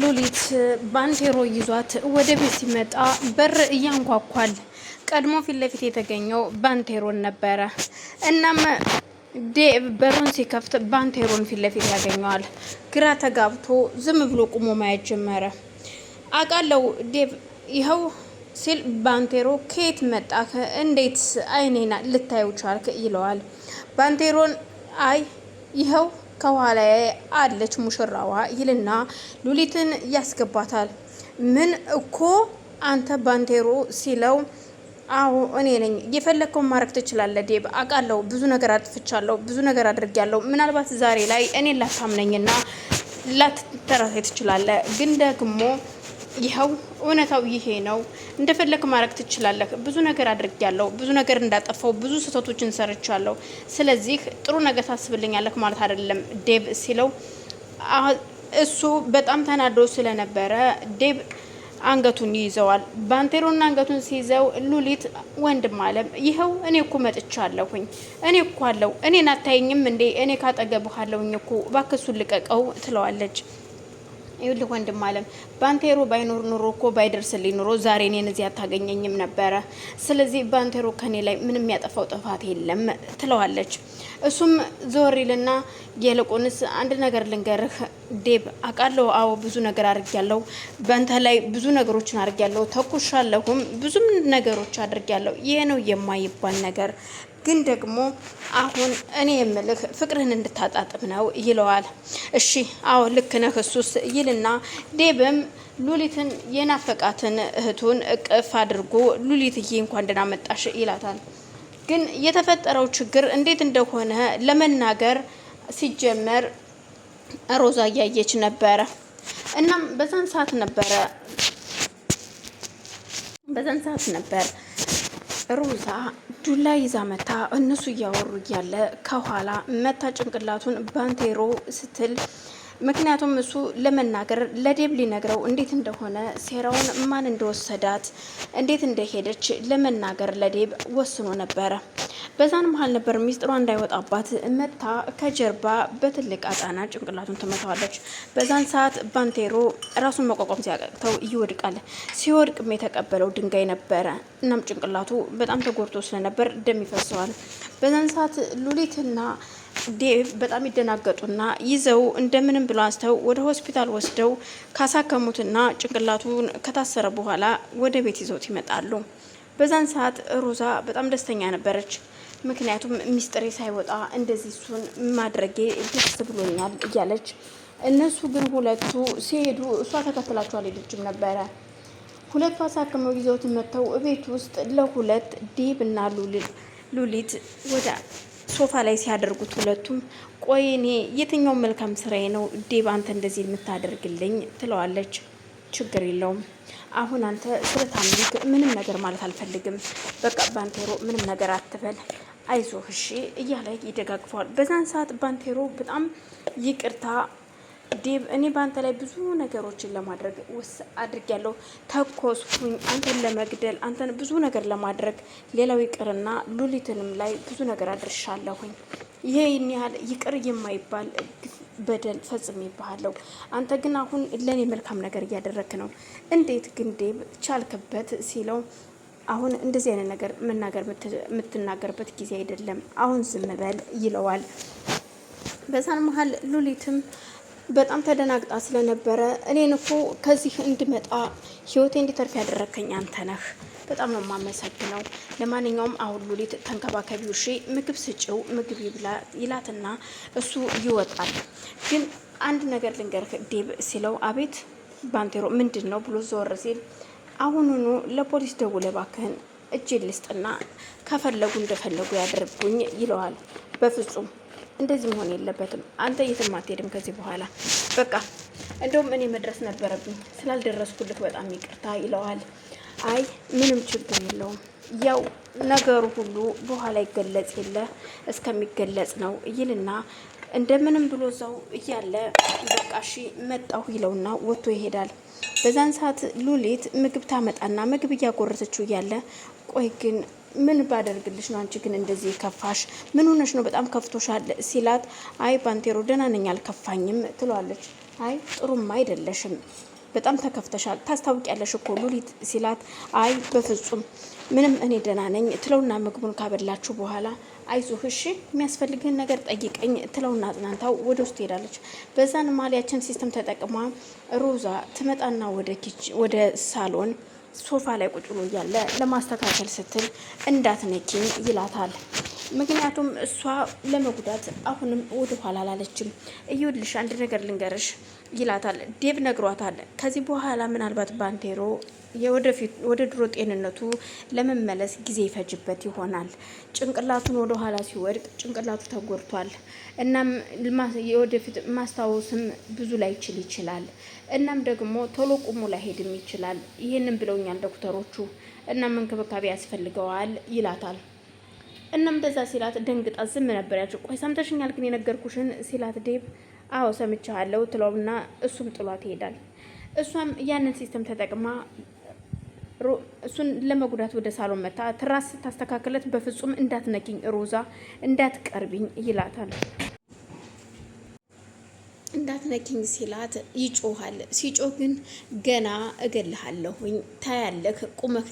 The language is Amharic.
ሉሊት ባንቴሮ ይዟት ወደ ቤት ሲመጣ በር እያንኳኳል። ቀድሞ ፊት ለፊት የተገኘው ባንቴሮን ነበረ። እናም ዴቭ በሩን ሲከፍት ባንቴሮን ፊት ለፊት ያገኘዋል። ግራ ተጋብቶ ዝም ብሎ ቁሞ ማየት ጀመረ። አቃለው ዴቭ ይኸው ሲል ባንቴሮ ከየት መጣህ? እንዴት አይኔና ልታዩ ቻልክ? ይለዋል። ባንቴሮን አይ ይኸው ከኋላ አለች ሙሽራዋ ይልና ሉሊትን ያስገባታል። ምን እኮ አንተ ባንቴሮ ሲለው አዎ እኔ ነኝ። የፈለግከውን ማድረግ ትችላለህ ዴብ። አውቃለሁ፣ ብዙ ነገር አጥፍቻለሁ፣ ብዙ ነገር አድርጌያለሁ። ምናልባት ዛሬ ላይ እኔን ላታምነኝና ላትተረቴ ትችላለህ፣ ግን ደግሞ ይኸው እውነታው ይሄ ነው። እንደፈለግ ማድረግ ትችላለህ። ብዙ ነገር አድርጊያለሁ፣ ብዙ ነገር እንዳጠፋው፣ ብዙ ስህተቶችን ሰርቻለሁ። ስለዚህ ጥሩ ነገር ታስብልኛለህ ማለት አይደለም ዴብ ሲለው እሱ በጣም ተናዶ ስለነበረ ዴብ አንገቱን ይይዘዋል። ባንቴሮና አንገቱን ሲይዘው ሉሊት ወንድም አለም ይኸው እኔ እኮ መጥቻለሁኝ፣ እኔ እኮ አለው እኔን አታይኝም እንዴ? እኔ ካጠገብህ አለውኝ እኮ እባክህ እሱን ልቀቀው ትለዋለች። ይኸውልህ ወንድም አለም ባንቴሮ ባይኖር ኑሮ እኮ ባይደርስልኝ ኑሮ ዛሬ እኔን እዚህ አታገኘኝም ነበረ። ስለዚህ ባንቴሮ ከኔ ላይ ምንም ያጠፋው ጥፋት የለም ትለዋለች። እሱም ዞር ይልና የልቁንስ አንድ ነገር ልንገርህ ዴብ አቃለው አዎ ብዙ ነገር አድርጊያለሁ፣ በንተ ላይ ብዙ ነገሮችን አድርጊያለሁ፣ ተኩሻለሁም ብዙም ነገሮች አድርጊያለሁ። ይሄ ነው የማይባል ነገር ግን ደግሞ አሁን እኔ የምልህ ፍቅርህን እንድታጣጥም ነው ይለዋል። እሺ አዎ ልክ ነህ እሱስ ይልና ዴብም ሉሊትን የናፈቃትን እህቱን እቅፍ አድርጎ ሉሊትዬ እንኳን ደህና መጣሽ ይላታል። ግን የተፈጠረው ችግር እንዴት እንደሆነ ለመናገር ሲጀመር ሮዛ እያየች ነበረ። እናም በዛን ሰዓት ነበረ በዛን ሰዓት ነበር ሮዛ ዱላ ይዛ መታ እነሱ እያወሩ እያለ ከኋላ መታ ጭንቅላቱን ባንቴሮ ስትል ምክንያቱም እሱ ለመናገር ለዴብ ሊነግረው እንዴት እንደሆነ ሴራውን ማን እንደወሰዳት እንዴት እንደሄደች ለመናገር ለዴብ ወስኖ ነበረ። በዛን መሀል ነበር ሚስጥሯ እንዳይወጣባት መታ ከጀርባ በትልቅ አጣና ጭንቅላቱን ትመታዋለች። በዛን ሰዓት ባንቴሮ ራሱን መቋቋም ሲያቀቅተው ይወድቃል። ሲወድቅም የተቀበለው ድንጋይ ነበረ። እናም ጭንቅላቱ በጣም ተጎድቶ ስለነበር ደም ይፈሰዋል። በዛን ሰዓት ሉሊትና ዴቭ በጣም ይደናገጡና ይዘው እንደምንም ብሎ አንስተው ወደ ሆስፒታል ወስደው ካሳከሙትና ጭንቅላቱን ከታሰረ በኋላ ወደ ቤት ይዘውት ይመጣሉ። በዛን ሰዓት ሮዛ በጣም ደስተኛ ነበረች። ምክንያቱም ሚስጥሬ ሳይወጣ እንደዚህ እሱን ማድረጌ ደስ ብሎኛል እያለች እነሱ ግን ሁለቱ ሲሄዱ እሷ ተከትላቸው አልሄደችም ነበረ። ሁለቱ አሳክመው ይዘውት መጥተው ቤት ውስጥ ለሁለት ዴብ እና ሉሊት ወደ ሶፋ ላይ ሲያደርጉት ሁለቱም ቆይ እኔ የትኛው መልካም ስራዬ ነው ዴብ አንተ እንደዚህ የምታደርግልኝ ትለዋለች። ችግር የለውም አሁን አንተ ስለታምሊክ ምንም ነገር ማለት አልፈልግም። በቃ ባንቴሮ ምንም ነገር አትበል አይዞህ እሺ እያለ ይደጋግፈዋል። በዛን ሰዓት ባንቴሮ በጣም ይቅርታ ዴብ፣ እኔ በአንተ ላይ ብዙ ነገሮችን ለማድረግ ውስ አድርጊያለሁ። ተኮስኩኝ፣ አንተን ለመግደል አንተን ብዙ ነገር ለማድረግ ሌላው ይቅርና ሉሊትንም ላይ ብዙ ነገር አድርሻለሁኝ። ይህን ያህል ይቅር የማይባል በደል ፈጽሜብሃለሁ። አንተ ግን አሁን ለእኔ መልካም ነገር እያደረግ ነው። እንዴት ግን ዴብ ቻልክበት? ሲለው አሁን እንደዚህ አይነት ነገር መናገር የምትናገርበት ጊዜ አይደለም፣ አሁን ዝም በል ይለዋል። በዛን መሀል ሉሊትም በጣም ተደናግጣ ስለነበረ እኔን እኮ ከዚህ እንድመጣ ህይወቴ እንዲተርፍ ያደረከኝ አንተ ነህ፣ በጣም ነው የማመሰግነው። ለማንኛውም አሁን ሉሊት ተንከባከቢው፣ እሺ ምግብ ስጭው፣ ምግብ ይብላ ይላትና እሱ ይወጣል። ግን አንድ ነገር ልንገርህ ዴብ ሲለው አቤት ባንቴሮ ምንድን ነው ብሎ ዞር ሲል አሁኑኑ ለፖሊስ ደውለ ባክህን እጅን ልስጥና ከፈለጉ እንደፈለጉ ያደርጉኝ ይለዋል። በፍጹም እንደዚህ መሆን የለበትም። አንተ የትም አትሄድም ከዚህ በኋላ በቃ እንደውም እኔ መድረስ ነበረብኝ ስላልደረስኩልህ በጣም ይቅርታ ይለዋል። አይ ምንም ችግር የለውም ያው ነገሩ ሁሉ በኋላ ይገለጽ የለ እስከሚገለጽ ነው ይልና እንደምንም ብሎ እዛው እያለ በቃ እሺ መጣሁ ይለውና ወጥቶ ይሄዳል። በዛን ሰዓት ሉሊት ምግብ ታመጣና ምግብ እያጎረሰችው እያለ ቆይ ግን ምን ባደርግልሽ ነው? አንቺ ግን እንደዚህ ከፋሽ? ምን ሆነሽ ነው? በጣም ከፍቶሻል ሲላት፣ አይ ባንቴሮ ደህና ነኝ አልከፋኝም ትለዋለች። አይ ጥሩም አይደለሽም በጣም ተከፍተሻል ታስታውቂያለሽ እኮ ሉሊት ሲላት፣ አይ በፍጹም ምንም እኔ ደህና ነኝ ትለውና ምግቡን ካበላችሁ በኋላ አይዞህ እሺ የሚያስፈልግህን ነገር ጠይቀኝ ትለውና አጽናንታው ወደ ውስጥ ሄዳለች። በዛን ማሊያችን ሲስተም ተጠቅማ ሮዛ ትመጣና ወደ ኪች ወደ ሳሎን ሶፋ ላይ ቁጭ ብሎ እያለ ለማስተካከል ስትል እንዳትነኪኝ ይላታል። ምክንያቱም እሷ ለመጉዳት አሁንም ወደ ኋላ አላለችም። እዩልሽ አንድ ነገር ልንገርሽ ይላታል። ዴብ ነግሯታል። ከዚህ በኋላ ምናልባት ባንቴሮ የወደፊት ወደ ድሮ ጤንነቱ ለመመለስ ጊዜ ይፈጅበት ይሆናል። ጭንቅላቱን ወደ ኋላ ሲወድቅ ጭንቅላቱ ተጎድቷል። እናም የወደፊት ማስታወስም ብዙ ላይችል ይችላል። እናም ደግሞ ቶሎ ቁሙ ላይሄድም ይችላል። ይህንን ብለውኛል ዶክተሮቹ። እናም እንክብካቤ ያስፈልገዋል ይላታል። እናም በዛ ሲላት ደንግጣ ዝም ነበር ያቸው። ቆይ ሰምተሽኛል ግን የነገርኩሽን ሲላት ዴብ አዎ ሰምቻለሁ ትለውና እሱም ጥሏት ይሄዳል። እሷም ያንን ሲስተም ተጠቅማ እሱን ለመጉዳት ወደ ሳሎን መታ ትራስ ስታስተካክለት በፍጹም እንዳትነኪኝ ሮዛ እንዳትቀርቢኝ ይላታል። እንዳትነኪኝ ሲላት ይጮሃል። ሲጮህ ግን ገና እገልሃለሁኝ ታያለህ ቁመክ